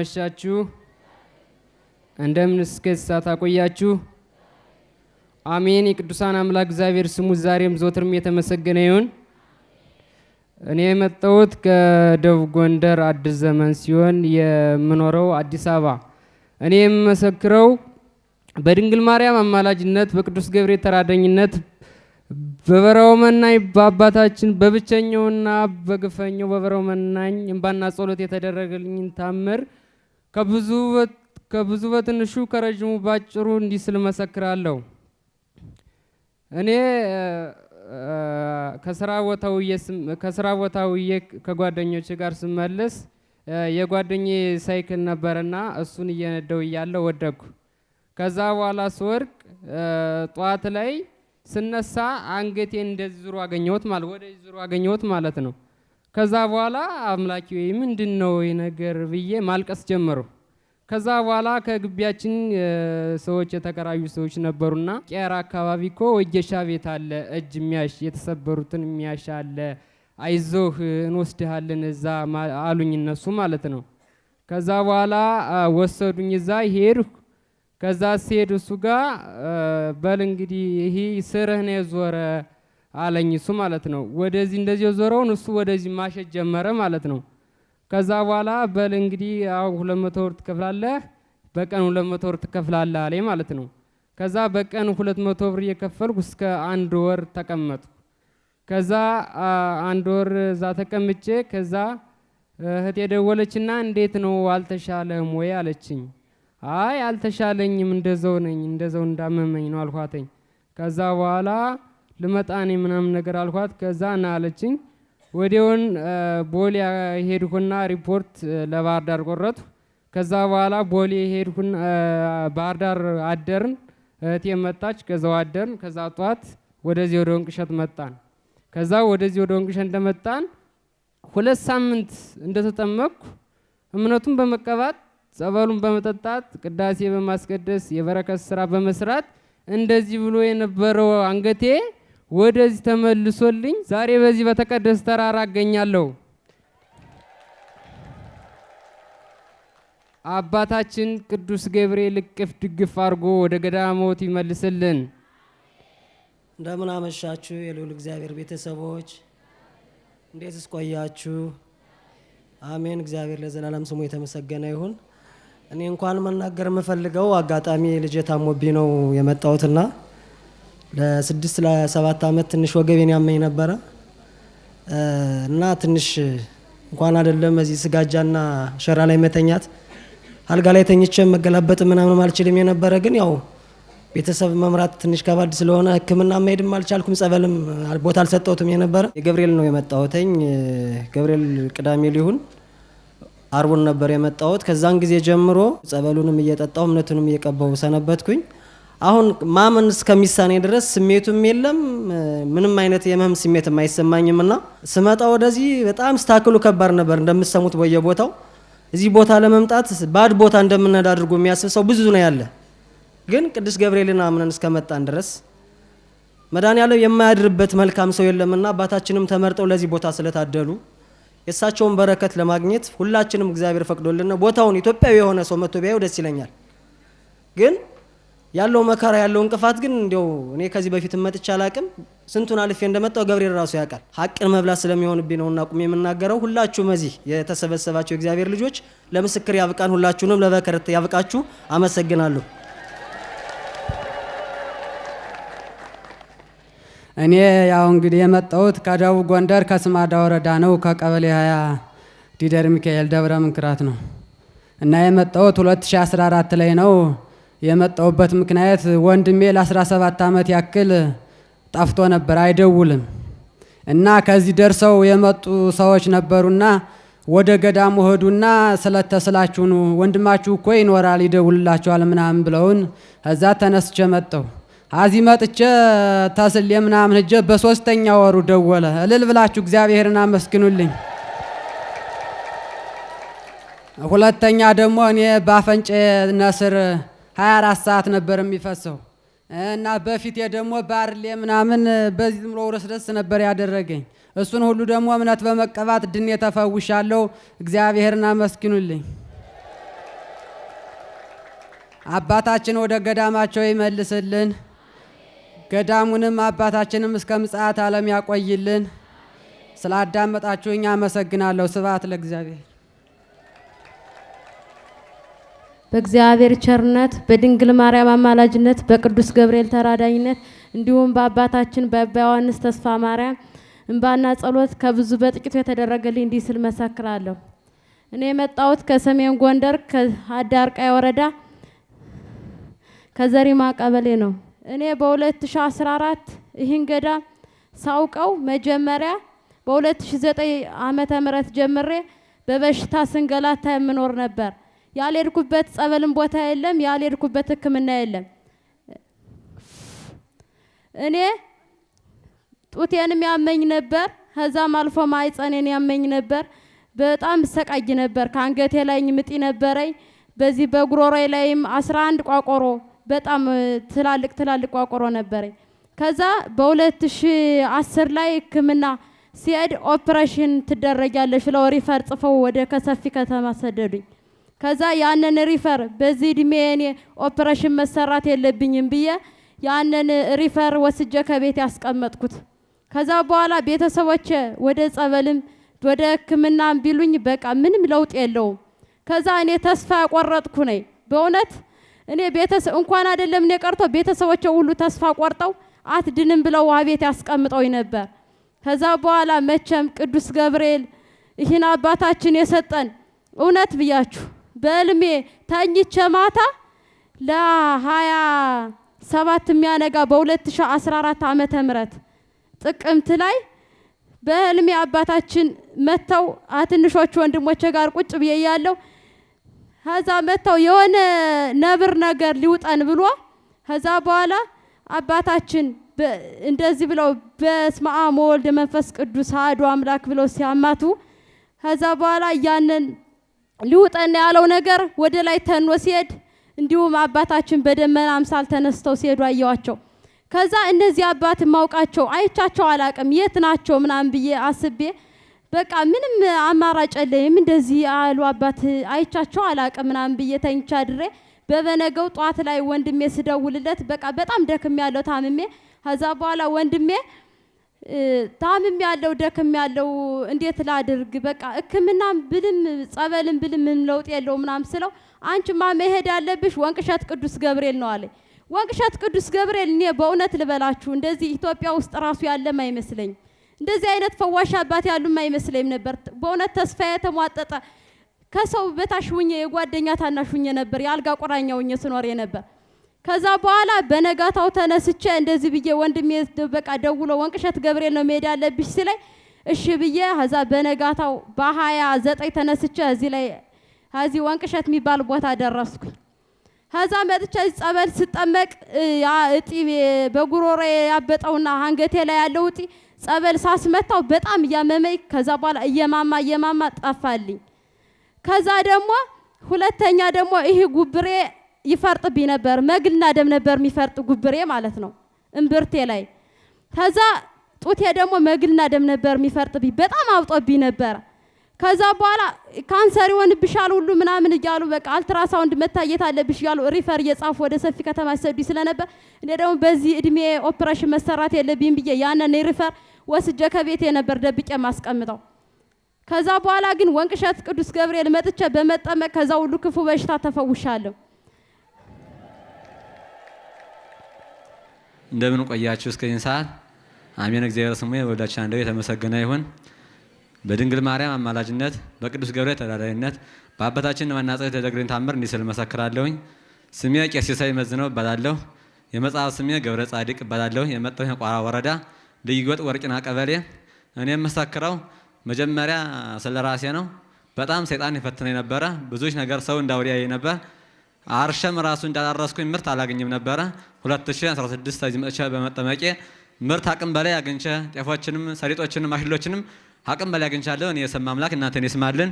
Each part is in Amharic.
አመሻችሁ። እንደምን እስከ ሰዓት አቆያችሁ። አሜን። የቅዱሳን አምላክ እግዚአብሔር ስሙ ዛሬም ዘወትርም የተመሰገነ ይሁን። እኔ የመጣሁት ከደቡብ ጎንደር አዲስ ዘመን ሲሆን የምኖረው አዲስ አበባ። እኔ የምመሰክረው በድንግል ማርያም አማላጅነት በቅዱስ ገብርኤል ተራዳኝነት በበረው መናኝ በአባታችን በብቸኛውና በግፈኛው በበረሃው መናኝ እንባና ጸሎት የተደረገልኝን ታምር ከብዙ በትንሹ ከረዥሙ ባጭሩ እንዲህ ስል መሰክራለሁ። እኔ ከስራ ቦታ ውዬ ከጓደኞች ጋር ስመለስ የጓደኜ ሳይክል ነበርና እሱን እየነዳው እያለ ወደኩ። ከዛ በኋላ ስወድቅ ጠዋት ላይ ስነሳ አንገቴን እንደዚህ ዙሮ አገኘሁት ማለት ወደ ዙሮ አገኘሁት ማለት ነው። ከዛ በኋላ አምላኪ ወይ ምንድን ነው ነገር ብዬ ማልቀስ ጀመሩ። ከዛ በኋላ ከግቢያችን ሰዎች የተከራዩ ሰዎች ነበሩና ቄራ አካባቢ እኮ ወጌሻ ቤት አለ፣ እጅ የሚያሽ የተሰበሩትን የሚያሽ አለ፣ አይዞህ እንወስድሃለን እዛ አሉኝ፣ እነሱ ማለት ነው። ከዛ በኋላ ወሰዱኝ፣ እዛ ሄድሁ። ከዛ ሲሄድ እሱ ጋር በል እንግዲህ ይህ ስርህ ነው የዞረ አለኝ እሱ ማለት ነው። ወደዚህ እንደዚህ ዞረውን እሱ ወደዚህ ማሸት ጀመረ ማለት ነው። ከዛ በኋላ በል እንግዲህ አሁን ሁለት መቶ ብር ትከፍላለህ፣ በቀን ሁለት መቶ ብር ትከፍላለህ አለኝ ማለት ነው። ከዛ በቀን ሁለት መቶ ብር እየከፈልኩ እስከ አንድ ወር ተቀመጥኩ። ከዛ አንድ ወር እዛ ተቀምጬ ከዛ እህቴ ደወለችና እንዴት ነው አልተሻለህም ወይ አለችኝ። አይ አልተሻለኝም፣ እንደዛው ነኝ፣ እንደዛው እንዳመመኝ ነው አልኳተኝ። ከዛ በኋላ ልመጣኔ ምናምን ነገር አልኳት። ከዛ ና አለችኝ። ወዲያውን ቦሌ ሄድኩና ሪፖርት ለባህር ዳር ቆረጥኩ። ከዛ በኋላ ቦሌ ሄድኩና ባህር ዳር አደርን። እህቴ መጣች። ከዛው አደርን። ከዛ ጠዋት ወደዚህ ወደ ወንቅሸት መጣን። ከዛ ወደዚህ ወደ ወንቅሸት እንደመጣን ሁለት ሳምንት እንደተጠመቅኩ እምነቱን በመቀባት ጸበሉን በመጠጣት ቅዳሴ በማስቀደስ የበረከት ስራ በመስራት እንደዚህ ብሎ የነበረው አንገቴ ወደዚህ ተመልሶልኝ ዛሬ በዚህ በተቀደሰ ተራራ አገኛለሁ። አባታችን ቅዱስ ገብርኤል እቅፍ ድግፍ አድርጎ ወደ ገዳሞት ይመልስልን። እንደምን አመሻችሁ የልዑል እግዚአብሔር ቤተሰቦች፣ እንዴት እስቆያችሁ? አሜን። እግዚአብሔር ለዘላለም ስሙ የተመሰገነ ይሁን። እኔ እንኳን መናገር የምፈልገው አጋጣሚ ልጄ ታሞቢ ነው የመጣሁትና ለስድስት ለሰባት ዓመት ትንሽ ወገቤን ያመኝ ነበረ እና ትንሽ እንኳን አይደለም እዚህ ስጋጃና ሸራ ላይ መተኛት አልጋ ላይ ተኝቼ መገላበጥ ምናምንም አልችልም የነበረ ግን ያው ቤተሰብ መምራት ትንሽ ከባድ ስለሆነ ሕክምና መሄድም አልቻልኩም። ጸበልም ቦታ አልሰጠሁትም የነበረ የገብርኤል ነው የመጣሁተኝ ገብርኤል ቅዳሜ ሊሁን አርቡን ነበር የመጣሁት። ከዛን ጊዜ ጀምሮ ጸበሉንም እየጠጣው እምነቱንም እየቀባው ሰነበትኩኝ። አሁን ማመን እስከሚሳኔ ድረስ ስሜቱም የለም ምንም አይነት የመህም ስሜትም አይሰማኝም። ና ስመጣ ወደዚህ በጣም ስታክሉ ከባድ ነበር እንደምሰሙት በየቦታው እዚህ ቦታ ለመምጣት ባድ ቦታ እንደምንሄድ አድርጎ የሚያስብ ሰው ብዙ ነው ያለ። ግን ቅዱስ ገብርኤልን አምነን እስከመጣን ድረስ መድኃኔዓለም የማያድርበት መልካም ሰው የለምና አባታችንም ተመርጠው ለዚህ ቦታ ስለታደሉ የእሳቸውን በረከት ለማግኘት ሁላችንም እግዚአብሔር ፈቅዶልን ቦታውን ኢትዮጵያዊ የሆነ ሰው መጥቶ ደስ ይለኛል ግን ያለው መከራ ያለው እንቅፋት ግን እንዲያው እኔ ከዚህ በፊት መጥቼ አላቅም። ስንቱን አልፌ እንደመጣው ገብርኤል ራሱ ያውቃል። ሀቅን መብላት ስለሚሆንብኝ ነውና ቁም የምናገረው። ሁላችሁም እዚህ የተሰበሰባችሁ የእግዚአብሔር ልጆች ለምስክር ያብቃን። ሁላችሁንም ለበከረት ያብቃችሁ። አመሰግናለሁ። እኔ ያው እንግዲህ የመጣሁት ከደቡብ ጎንደር ከስማዳ ወረዳ ነው። ከቀበሌ ሀያ ዲደር ሚካኤል ደብረ ምንክራት ነው እና የመጣሁት 2014 ላይ ነው የመጣውበት ምክንያት ወንድሜ ለ17 ዓመት ያክል ጠፍቶ ነበር፣ አይደውልም እና ከዚህ ደርሰው የመጡ ሰዎች ነበሩና ወደ ገዳሙ ሄዱና ስለተስላችሁ ወንድማችሁ እኮ ይኖራል ይደውልላችኋል ምናምን ብለውን፣ እዛ ተነስቼ መጠው አዚህ መጥቼ ተስሌ ምናምን ሂጄ በሶስተኛ ወሩ ደወለ። እልል ብላችሁ እግዚአብሔርን አመስግኑልኝ። ሁለተኛ ደግሞ እኔ በአፈንጨ ነስር 24 ሰዓት ነበር የሚፈሰው እና በፊት ደግሞ ባርሌ ምናምን በዚህ ዝም ብሎ ውርስ ደስ ነበር ያደረገኝ። እሱን ሁሉ ደግሞ እምነት በመቀባት ድኔ ተፈውሻለሁ። እግዚአብሔርን አመስግኑልኝ። አባታችን ወደ ገዳማቸው ይመልስልን። ገዳሙንም አባታችንም እስከ ምጽአት ዓለም ያቆይልን። ስላዳመጣችሁኝ አመሰግናለሁ። ስብሐት ለእግዚአብሔር። በእግዚአብሔር ቸርነት በድንግል ማርያም አማላጅነት በቅዱስ ገብርኤል ተራዳኝነት እንዲሁም በአባታችን በአባ ዮሐንስ ተስፋ ማርያም እንባና ጸሎት ከብዙ በጥቂቱ የተደረገልኝ እንዲህ ስል መሰክራለሁ። እኔ የመጣሁት ከሰሜን ጎንደር ከአዳርቃይ ወረዳ ከዘሪማ ቀበሌ ነው። እኔ በ2014 ይህን ገዳም ሳውቀው መጀመሪያ በ2009 ዓመተ ምህረት ጀምሬ በበሽታ ስንገላታ የምኖር ነበር። ያልሄድኩበት ጸበልን ቦታ የለም፣ ያልሄድኩበት ሕክምና የለም። እኔ ጡቴንም ያመኝ ነበር፣ ከዛም አልፎ ማይጸኔን ያመኝ ነበር። በጣም ሰቃይ ነበር። ከአንገቴ ላይ ምጢ ነበረኝ። በዚህ በጉሮሮ ላይም አስራ አንድ ቋቆሮ በጣም ትላልቅ ትላልቅ ቋቆሮ ነበረኝ። ከዛ በሁለት ሺ አስር ላይ ህክምና ሲሄድ ኦፕሬሽን ትደረጊያለሽ ብለው ሪፈር ጽፈው ወደ ከሰፊ ከተማ ሰደዱኝ። ከዛ ያንን ሪፈር በዚህ እድሜ እኔ ኦፕሬሽን መሰራት የለብኝም ብዬ ያንን ሪፈር ወስጄ ከቤት ያስቀመጥኩት። ከዛ በኋላ ቤተሰቦቼ ወደ ጸበልም ወደ ሕክምናም ቢሉኝ በቃ ምንም ለውጥ የለውም። ከዛ እኔ ተስፋ ያቆረጥኩ ነኝ። በእውነት እኔ ቤተሰብ እንኳን አይደለም እኔ ቀርቶ ቤተሰቦቼ ሁሉ ተስፋ ቆርጠው አትድንም ብለው ውሃ ቤት ያስቀምጠው ነበር። ከዛ በኋላ መቼም ቅዱስ ገብርኤል ይህን አባታችን የሰጠን እውነት ብያችሁ በእልሜ ተኝቼ ማታ ለሀያ ሰባት የሚያነጋ በ2014 ዓመተ ምህረት ጥቅምት ላይ በህልሜ አባታችን መጥተው አትንሾቹ ወንድሞቼ ጋር ቁጭ ብዬ ያለው ከዛ መጥተው የሆነ ነብር ነገር ሊውጠን ብሎ ከዛ በኋላ አባታችን እንደዚህ ብለው በስመ አብ ወወልድ መንፈስ ቅዱስ አሐዱ አምላክ ብለው ሲያማቱ ከዛ በኋላ ያንን ሊውጠን ያለው ነገር ወደ ላይ ተኖ ሲሄድ እንዲሁም አባታችን በደመና አምሳል ተነስተው ሲሄዱ አየዋቸው። ከዛ እነዚህ አባት ማውቃቸው አይቻቸው አላቅም የት ናቸው ምናምን ብዬ አስቤ በቃ ምንም አማራጭ የለኝም። እንደዚህ አሉ አባት አይቻቸው አላቅም ምናምን ብዬ ተኝቻ ድሬ በበነገው ጧት ላይ ወንድሜ ስደውልለት በቃ በጣም ደክሜ ያለው ታምሜ ከዛ በኋላ ወንድሜ ታምም ያለው ደክም ያለው እንዴት ላድርግ? በቃ ሕክምናም ብልም ጸበልም ብልም ምን ለውጥ የለው ምናም ስለው አንቺማ መሄድ ያለብሽ ወንቅሸት ቅዱስ ገብርኤል ነው አለ። ወንቅሸት ቅዱስ ገብርኤል እኔ በእውነት ልበላችሁ እንደዚህ ኢትዮጵያ ውስጥ ራሱ ያለም አይመስለኝ እንደዚህ አይነት ፈዋሽ አባት ያሉም አይመስለኝም ነበር። በእውነት ተስፋ የተሟጠጠ ከሰው በታሽ ሁኜ የጓደኛ ታናሽ ሁኜ ነበር የአልጋ ቁራኛ ሁኜ ስኖር ነበር። ከዛ በኋላ በነጋታው ተነስቼ እንደዚህ ብዬ ወንድሜ በቃ ደውሎ ወንቅሸት ገብርኤል ነው መሄድ ያለብሽ ሲለኝ እሺ ብዬ ከዛ በነጋታው በሀያ ዘጠኝ ተነስቼ እዚህ ላይ እዚህ ወንቅሸት የሚባል ቦታ ደረስኩ። ከዛ መጥቼ ጸበል ስጠመቅ ያ እጢ በጉሮሮ ያበጠውና አንገቴ ላይ ያለው እጢ ጸበል ሳስመታው በጣም እያመመኝ ከዛ በኋላ እየማማ እየማማ ጠፋልኝ። ከዛ ደግሞ ሁለተኛ ደግሞ ይሄ ጉብሬ ይፈርጥብኝ ነበር። መግልና ደም ነበር የሚፈርጥ ጉብሬ ማለት ነው እምብርቴ ላይ። ከዛ ጡቴ ደግሞ መግልና ደም ነበር የሚፈርጥብኝ፣ በጣም አብጦብኝ ነበር። ከዛ በኋላ ካንሰር ይሆንብሻል ሁሉ ምናምን እያሉ በቃ አልትራሳውንድ መታየት አለብሽ እያሉ ሪፈር እየጻፉ ወደ ሰፊ ከተማ ሲሰዱኝ ስለነበር እኔ ደግሞ በዚህ እድሜ ኦፕሬሽን መሰራት የለብኝም ብዬ ያንን ሪፈር ወስጄ ከቤቴ ነበር ደብቄ ማስቀምጠው። ከዛ በኋላ ግን ወንቅሸት ቅዱስ ገብርኤል መጥቼ በመጠመቅ ከዛ ሁሉ ክፉ በሽታ ተፈውሻለሁ። እንደምን ቆያችሁ እስከዚህ ሰዓት? አሜን። እግዚአብሔር ስሙ የወዳችን አንደው የተመሰገነ ይሁን። በድንግል ማርያም አማላጅነት በቅዱስ ገብርኤል ተዳዳሪነት በአባታችን መናጸው የተደግሬን ታምር እንዲህ ስል መሰክራለሁኝ። ስሜ ቄስ ሲሳይ መዝነው እባላለሁ። የመጽሐፍ ስሜ ገብረ ጻዲቅ እባላለሁ። የመጣሁ ቋራ ወረዳ ልዩ ጎጥ ወርቂና ቀበሌ። እኔ የምሰክረው መጀመሪያ ስለ ራሴ ነው። በጣም ሰይጣን የፈተነኝ ነበረ። ብዙዎች ነገር ሰው እንዳውሪያ ነበር። አርሸም ራሱ እንዳላረስኩኝ ምርት አላገኝም ነበረ 2016 እዚህ መጥቼ በመጠመቄ ምርት አቅም በላይ አግኝቼ ጤፎችንም፣ ሰሊጦችንም፣ አሽሎችንም አቅም በላይ አግኝቻለሁ። እኔ የሰማ አምላክ እናንተን ይስማልን።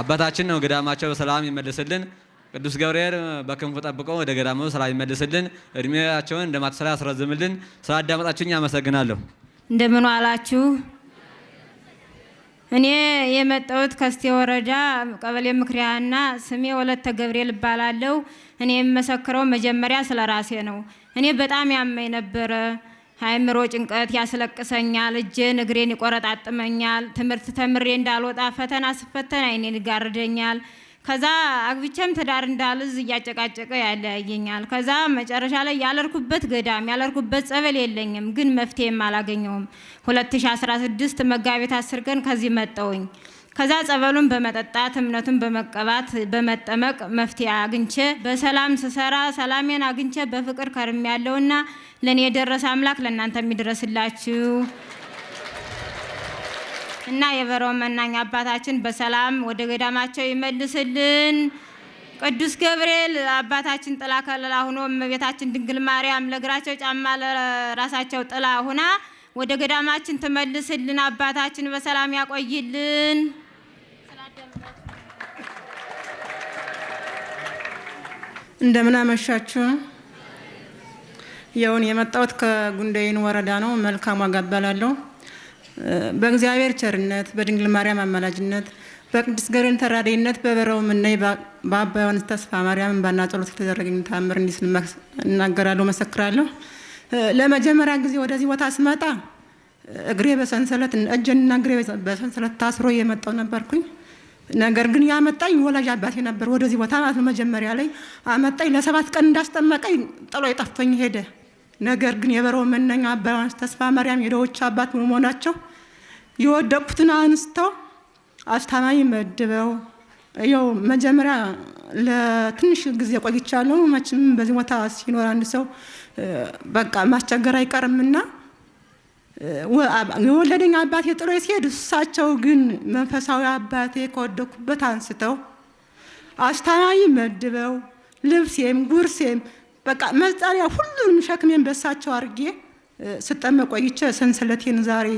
አባታችን ነው ገዳማቸው በሰላም ይመልስልን። ቅዱስ ገብርኤል በክንፉ ጠብቆ ወደ ገዳሙ ስራ ይመልስልን። እድሜያቸውን እንደማትሰራ ያስረዝምልን። ስራ አመሰግናለሁ። እንደምን ዋላችሁ? እኔ የመጣሁት ከስቴ ወረዳ ቀበሌ ምክሪያና ስሜ ወለተ ገብርኤል እባላለሁ። እኔ የምመሰክረው መጀመሪያ ስለ ራሴ ነው። እኔ በጣም ያመኝ ነበረ። አእምሮ ጭንቀት ያስለቅሰኛል፣ እጄን እግሬን ይቆረጣጥመኛል። ትምህርት ተምሬ እንዳልወጣ ፈተና ስፈተን አይኔን ይጋርደኛል። ከዛ አግብቼም ትዳር እንዳልዝ እያጨቃጨቀ ያለያየኛል። ከዛ መጨረሻ ላይ ያለርኩበት ገዳም ያለርኩበት ጸበል የለኝም፣ ግን መፍትሄም አላገኘውም። 2016 መጋቢት አስር ቀን ከዚህ መጠውኝ። ከዛ ጸበሉን በመጠጣት እምነቱን በመቀባት በመጠመቅ መፍትሄ አግኝቼ በሰላም ስሰራ ሰላሜን አግኝቼ በፍቅር ከርም ያለውና ለእኔ የደረሰ አምላክ ለእናንተ የሚደረስላችሁ እና የበረው መናኝ አባታችን በሰላም ወደ ገዳማቸው ይመልስልን። ቅዱስ ገብርኤል አባታችን ጥላ ከለላ ሆኖ እመቤታችን ድንግል ማርያም ለእግራቸው ጫማ ለራሳቸው ጥላ ሆና ወደ ገዳማችን ትመልስልን። አባታችን በሰላም ያቆይልን። እንደምን አመሻችሁ። የውን የመጣሁት ከጉንደይን ወረዳ ነው። መልካም አጋባላለሁ። በእግዚአብሔር ቸርነት በድንግል ማርያም አማላጅነት በቅዱስ ገብርኤል ተራዳይነት በበረው ምናይ በአባ ዮሐንስ ተስፋ ማርያም እንባና ጸሎት የተደረገኝ ተአምር እንዲህ ስል እናገራለሁ፣ መሰክራለሁ። ለመጀመሪያ ጊዜ ወደዚህ ቦታ ስመጣ እግሬ በሰንሰለት እጄና እግሬ በሰንሰለት ታስሮ የመጣው ነበርኩኝ። ነገር ግን ያመጣኝ ወላጅ አባቴ ነበር። ወደዚህ ቦታ ማለት መጀመሪያ ላይ አመጣኝ። ለሰባት ቀን እንዳስጠመቀኝ ጥሎ ጠፍቶኝ ሄደ። ነገር ግን የበረው መነኛ አባ ተስፋ ማርያም የደዎች አባት መሆናቸው የወደቁትን አንስተው አስታማኝ መድበው ያው መጀመሪያ ለትንሽ ጊዜ ቆይቻለሁ። መቼም በዚህ ቦታ ሲኖር አንድ ሰው በቃ ማስቸገር አይቀርምና የወለደኝ አባቴ ጥሎ ሲሄድ፣ እሳቸው ግን መንፈሳዊ አባቴ ከወደኩበት አንስተው አስታማኝ መድበው ልብሴም ጉርሴም በቃ መጠሪያ ሁሉንም ሸክሜን በሳቸው አድርጌ ስጠመቅ ቆይቼ ሰንሰለቴን ዛሬ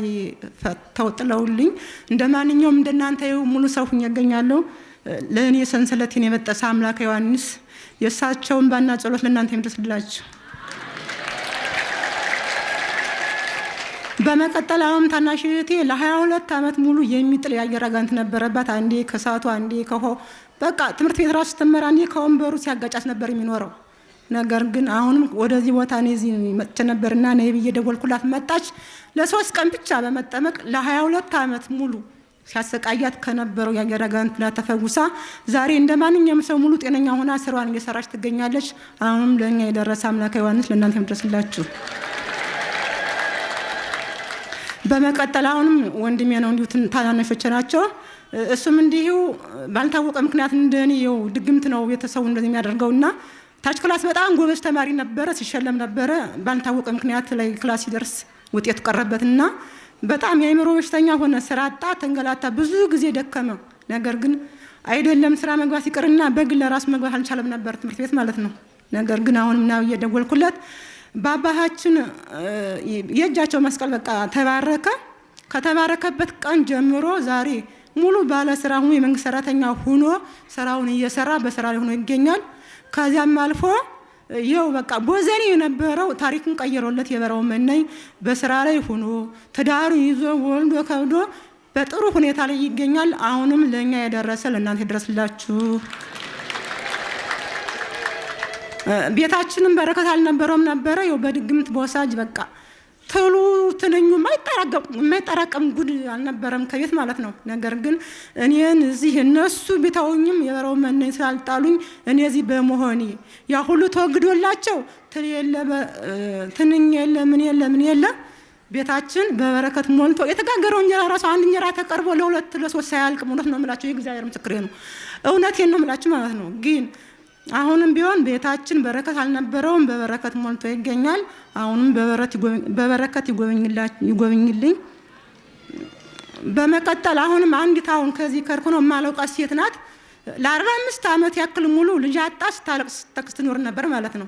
ፈተው ጥለውልኝ እንደ ማንኛውም እንደናንተ ሙሉ ሰው ሁኜ እገኛለሁ። ለእኔ ሰንሰለቴን የበጠሰ አምላከ ዮሐንስ የእሳቸውን ባና ጸሎት ለእናንተ የምደስላችሁ። በመቀጠል አሁን ታናሽ እህቴ ለ22 ዓመት ሙሉ የሚጥል የአየር አጋንንት ነበረባት። አንዴ ከሳቱ፣ አንዴ ከሆ በቃ ትምህርት ቤት ራሱ ስትመራ አንዴ ከወንበሩ ሲያጋጫት ነበር የሚኖረው ነገር ግን አሁንም ወደዚህ ቦታ እኔ እዚህ መጥቼ ነበርና ነይ ብዬ ደወልኩላት። መጣች። ለሶስት ቀን ብቻ በመጠመቅ ለሀያ ሁለት ዓመት ሙሉ ሲያሰቃያት ከነበረው ያገረጋንት ተፈውሳ ዛሬ እንደ ማንኛውም ሰው ሙሉ ጤነኛ ሆና ስራዋን እየሰራች ትገኛለች። አሁንም ለእኛ የደረሰ አምላከ ዮሐንስ ለእናንተ ይድረስላችሁ። በመቀጠል አሁንም ወንድሜ ነው፣ እንዲሁ ታናነሾች ናቸው። እሱም እንዲሁ ባልታወቀ ምክንያት እንደኔ ድግምት ነው ቤተሰቡ እንደዚህ የሚያደርገውና ታች ክላስ በጣም ጎበዝ ተማሪ ነበረ፣ ሲሸለም ነበረ። ባልታወቀ ምክንያት ላይ ክላስ ሲደርስ ውጤቱ ቀረበትና በጣም የአእምሮ በሽተኛ ሆነ። ስራ አጣ፣ ተንገላታ፣ ብዙ ጊዜ ደከመ። ነገር ግን አይደለም ስራ መግባት ይቅርና በግል ለራሱ መግባት አልቻለም ነበር ትምህርት ቤት ማለት ነው። ነገር ግን አሁን ምናምን እየደወልኩለት በአባታችን የእጃቸው መስቀል በቃ ተባረከ። ከተባረከበት ቀን ጀምሮ ዛሬ ሙሉ ባለ ስራ ሆኖ የመንግስት ሰራተኛ ሆኖ ስራውን እየሰራ በስራ ላይ ሆኖ ይገኛል። ከዚያም አልፎ ይኸው በቃ ቦዘኔ የነበረው ታሪኩን ቀይሮለት የበረው መናኝ በስራ ላይ ሆኖ ትዳሩ ይዞ ወልዶ ከብዶ በጥሩ ሁኔታ ላይ ይገኛል። አሁንም ለእኛ የደረሰ ለእናንተ ይድረስላችሁ። ቤታችንም በረከት አልነበረውም ነበረ ይኸው በድግምት በወሳጅ በቃ ትሉ ትንኙ የማይጠራቀም ጉድ አልነበረም ከቤት ማለት ነው። ነገር ግን እኔን እዚህ እነሱ ቢታውኝም የበረው መነኝ ስላልጣሉኝ እኔ እዚህ በመሆኔ ያ ሁሉ ተወግዶላቸው ትንኝ የለ ምን የለ ምን የለ ቤታችን በበረከት ሞልቶ የተጋገረው እንጀራ ራሱ አንድ እንጀራ ተቀርቦ ለሁለት ለሶስት ሳያልቅ እውነት ነው የምላቸው የእግዚአብሔር ምስክሬ ነው። እውነቴን ነው የምላችሁ ማለት ነው ግን አሁንም ቢሆን ቤታችን በረከት አልነበረውም፣ በበረከት ሞልቶ ይገኛል። አሁንም በበረከት ይጎብኝልኝ። በመቀጠል አሁንም አንዲት አሁን ከዚህ ከርክኖ የማላውቃት ሴት ናት። ለአርባ አምስት ዓመት ያክል ሙሉ ልጅ አጣ ስታለቅስ ስትኖር ነበር ማለት ነው።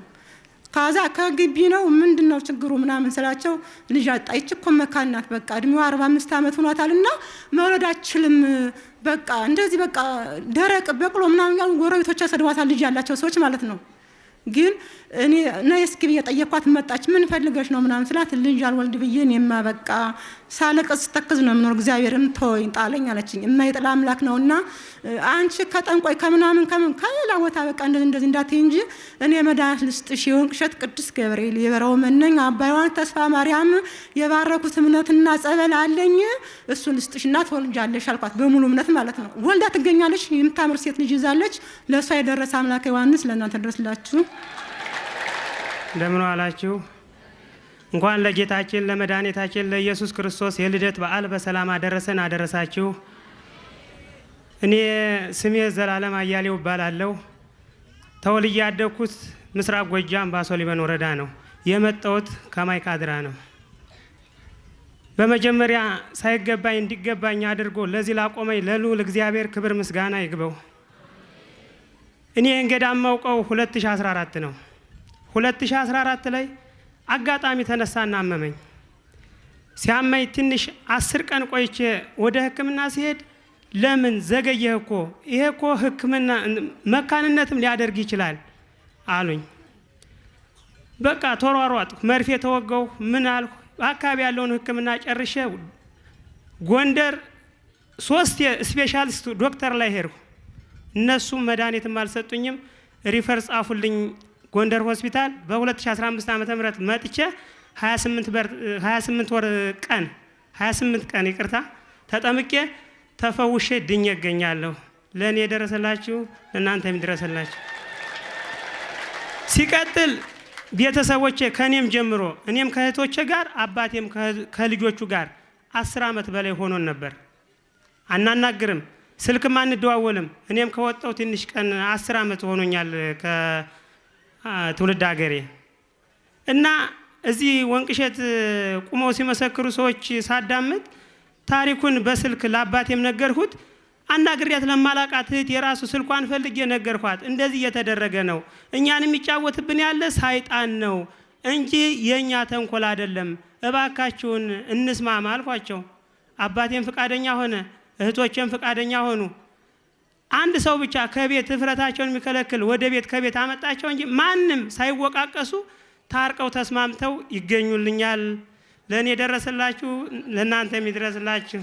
ከዛ ከግቢ ነው ምንድን ነው ችግሩ ምናምን ስላቸው ልጅ አጣይች እኮ መካናት በቃ እድሜዋ አርባ አምስት ዓመት ሆኗታል እና መውለድ አችልም በቃ እንደዚህ በቃ ደረቅ በቅሎ ምናምን ያሉ ጎረቤቶች ያሰድቧታል ልጅ ያላቸው ሰዎች ማለት ነው ግን እኔ ነይ እስኪ ብዬ ጠየኳት መጣች ምን ፈልገሽ ነው ምናምን ስላት ልጅ አልወልድ ብዬ እኔማ በቃ ሳለቀስ ስተክዝ ነው የምኖር። እግዚአብሔርም ተወኝ ጣለኝ አለችኝ። እና የጥላ አምላክ ነውና አንቺ ከጠንቋይ ከምናምን ከምን ከሌላ ቦታ በቃ እንደዚህ እንደዚህ እንዳትይ እንጂ እኔ መድኃኒት ልስጥሽ። የወንቅ እሸት ቅዱስ ገብርኤል የበረው መነኝ አባ ዮሐንስ ተስፋ ማርያም የባረኩት እምነትና ጸበል አለኝ እሱን ልስጥሽ እና ትወልጃለሽ አልኳት። በሙሉ እምነት ማለት ነው። ወልዳ ትገኛለች። የምታምር ሴት ልጅ ይዛለች። ለእሷ የደረሰ አምላክ ዮሐንስ ለእናንተ ደረስላችሁ። እንደምን ዋላችሁ? እንኳን ለጌታችን ለመድኃኒታችን ለኢየሱስ ክርስቶስ የልደት በዓል በሰላም አደረሰን አደረሳችሁ። እኔ ስሜ ዘላለም አያሌው እባላለሁ። ተወልጄ ያደግኩት ምስራቅ ጎጃም ባሶ ሊበን ወረዳ ነው። የመጣሁት ከማይካድራ ነው። በመጀመሪያ ሳይገባኝ እንዲገባኝ አድርጎ ለዚህ ላቆመኝ ለልዑል እግዚአብሔር ክብር ምስጋና ይግበው። እኔ እንገዳ ማውቀው 2014 ነው። 2014 ላይ አጋጣሚ ተነሳ አመመኝ። ሲያመኝ ትንሽ አስር ቀን ቆይቼ ወደ ህክምና ሲሄድ ለምን ዘገየህ እኮ ይሄ እኮ ህክምና መካንነትም ሊያደርግ ይችላል አሉኝ። በቃ ተሯሯጥኩ፣ መርፌ ተወጋሁ፣ ምን አልኩ። በአካባቢ ያለውን ህክምና ጨርሼ ጎንደር ሶስት ስፔሻሊስት ዶክተር ላይ ሄድኩ። እነሱም መድኃኒትም አልሰጡኝም። ሪፈር ጻፉልኝ ጎንደር ሆስፒታል በ2015 ዓ ም መጥቼ 28 ወር ቀን 28 ቀን ይቅርታ ተጠምቄ ተፈውሼ ድኜ እገኛለሁ። ለእኔ የደረሰላችሁ ለእናንተ የሚደረሰላችሁ። ሲቀጥል ቤተሰቦቼ ከእኔም ጀምሮ እኔም ከእህቶቼ ጋር አባቴም ከልጆቹ ጋር አስር ዓመት በላይ ሆኖን ነበር። አናናግርም፣ ስልክም አንደዋወልም። እኔም ከወጣው ትንሽ ቀን አስር ዓመት ሆኖኛል። ትውልድ ሀገሬ እና እዚህ ወንቅሸት ቁመው ሲመሰክሩ ሰዎች ሳዳምጥ ታሪኩን በስልክ ለአባቴም ነገርሁት። አናግሪያት ለማላቃት እህት የራሱ ስልኳን ፈልጌ ነገርኳት። እንደዚህ እየተደረገ ነው፣ እኛን የሚጫወትብን ያለ ሳይጣን ነው እንጂ የእኛ ተንኮል አይደለም። እባካችሁን እንስማማ አልኳቸው። አባቴም ፈቃደኛ ሆነ፣ እህቶቼም ፈቃደኛ ሆኑ። አንድ ሰው ብቻ ከቤት እፍረታቸውን የሚከለክል ወደ ቤት ከቤት አመጣቸው እንጂ ማንም ሳይወቃቀሱ ታርቀው ተስማምተው ይገኙልኛል። ለእኔ የደረሰላችሁ ለእናንተ የሚደረስላችሁ።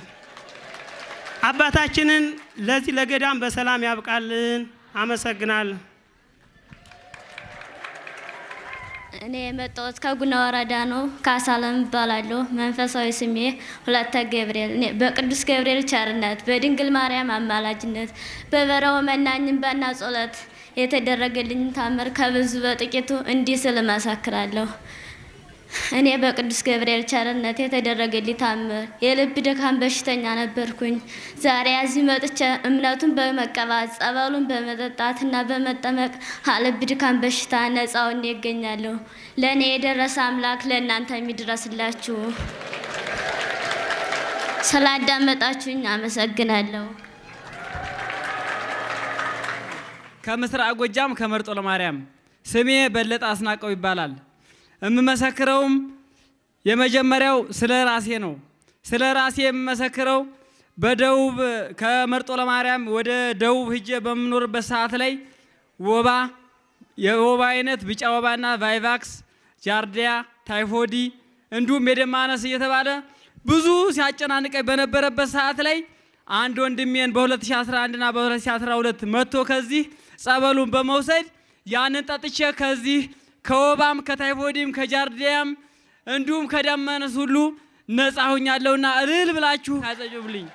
አባታችንን ለዚህ ለገዳም በሰላም ያብቃልን። አመሰግናለሁ። እኔ የመጣሁት ከጉና ወረዳ ነው። ካሳለም እባላለሁ። መንፈሳዊ ስሜ ሁለተ ገብርኤል። በቅዱስ ገብርኤል ቸርነት፣ በድንግል ማርያም አማላጅነት፣ በበረው መናኝን ባና ጸሎት የተደረገልኝ ታምር ከብዙ በጥቂቱ እንዲህ ስል እመሰክራለሁ። እኔ በቅዱስ ገብርኤል ቸርነት የተደረገልኝ ታምር የልብ ድካም በሽተኛ ነበርኩኝ። ዛሬ እዚህ መጥቼ እምነቱን በመቀባት ጸበሉን በመጠጣትና በመጠመቅ አልብ ድካም በሽታ ነጻ ሆኜ ይገኛለሁ። ለእኔ የደረሰ አምላክ ለእናንተ የሚድረስላችሁ። ስላዳመጣችሁኝ አመሰግናለሁ። ከምስራቅ ጎጃም ከመርጦ ለማርያም ስሜ በለጠ አስናቀው ይባላል። የምመሰክረውም የመጀመሪያው ስለ ራሴ ነው። ስለ ራሴ የምመሰክረው በደቡብ ከመርጦ ለማርያም ወደ ደቡብ ሂጄ በምኖርበት ሰዓት ላይ ወባ የወባ አይነት ቢጫ ወባና ቫይቫክስ፣ ጃርዲያ፣ ታይፎዲ እንዲሁም የደም ማነስ እየተባለ ብዙ ሲያጨናንቀኝ በነበረበት ሰዓት ላይ አንድ ወንድሜን በ2011 ና በ2012 መጥቶ ከዚህ ጸበሉን በመውሰድ ያንን ጠጥቼ ከዚህ ከወባም ከታይፎይድም ከጃርዲያም እንዲሁም ከዳማነስ ሁሉ ነጻ ሆኛለሁና እልል ብላችሁ አጨብጭቡልኝ።